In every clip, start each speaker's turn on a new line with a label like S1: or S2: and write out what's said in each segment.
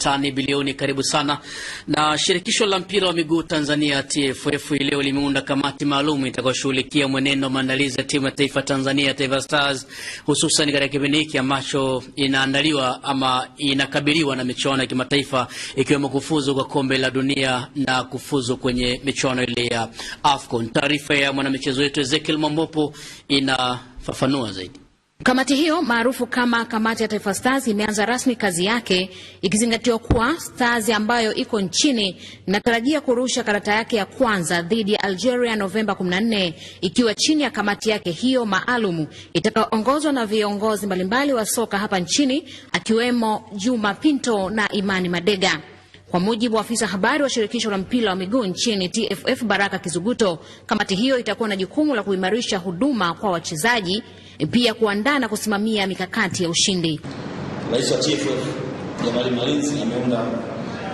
S1: tani bilioni karibu sana. Na shirikisho la mpira wa miguu Tanzania TFF leo limeunda kamati maalum itakayoshughulikia mwenendo wa maandalizi ya timu ya taifa Tanzania Taifa Stars, hususan katika kipindi hiki ambacho inaandaliwa ama inakabiliwa na michuano ya kimataifa ikiwemo kufuzu kwa kombe la dunia na kufuzu kwenye michuano ile ya AFCON. Taarifa ya mwanamichezo wetu Ezekiel Mambopo inafafanua zaidi.
S2: Kamati hiyo maarufu kama kamati ya Taifa Stars imeanza rasmi kazi yake ikizingatiwa kuwa Stars ambayo iko nchini inatarajia kurusha karata yake ya kwanza dhidi ya Algeria Novemba 14 ikiwa chini ya kamati yake hiyo maalum itakayoongozwa na viongozi mbalimbali wa soka hapa nchini akiwemo Juma Pinto na Imani Madega. Kwa mujibu wa afisa habari wa shirikisho la mpira wa miguu nchini TFF Baraka Kizuguto, kamati hiyo itakuwa na jukumu la kuimarisha huduma kwa wachezaji pia kuandaa na kusimamia mikakati ya ushindi.
S3: Rais wa TFF Jamali Malinzi ameunda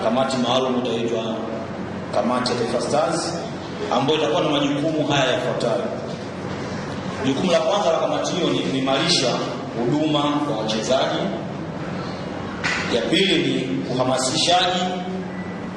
S3: kamati maalum inayoitwa kamati ya Taifa Stars ambayo itakuwa na majukumu haya yafuatayo. Jukumu la kwanza la kamati hiyo ni kuimarisha huduma kwa wachezaji. Ya pili ni uhamasishaji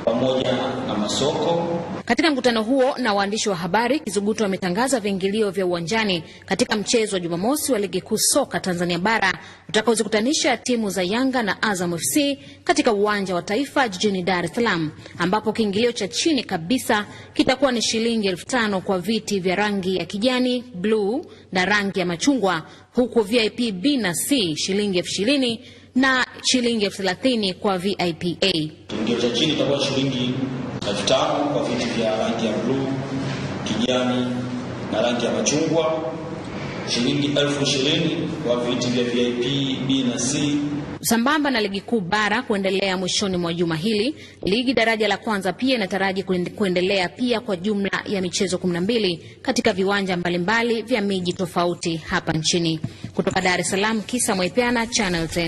S3: pamoja na masoko.
S2: Katika mkutano huo na waandishi wa habari, Kizuguto ametangaza viingilio vya uwanjani katika mchezo wa Jumamosi wa ligi kuu soka Tanzania bara utakaozikutanisha timu za Yanga na Azam FC katika uwanja wa Taifa jijini Dar es Salaam, ambapo kiingilio cha chini kabisa kitakuwa ni shilingi elfu tano kwa viti vya rangi ya kijani, bluu na rangi ya machungwa, huku VIP B na C shilingi elfu ishirini na shilingi elfu thelathini kwa VIP A.
S3: Kiingilio cha chini itakuwa shilingi elfu tano kwa viti vya rangi ya bluu, kijani na rangi ya machungwa, shilingi elfu ishirini kwa viti vya VIP B na C.
S2: Sambamba na ligi kuu bara kuendelea mwishoni mwa juma hili, ligi daraja la kwanza pia inataraji kuendelea pia kwa jumla ya michezo 12 katika viwanja mbalimbali vya miji tofauti hapa nchini. Kutoka Dar es Salaam, Kisa Mwaipeana, Channel 10.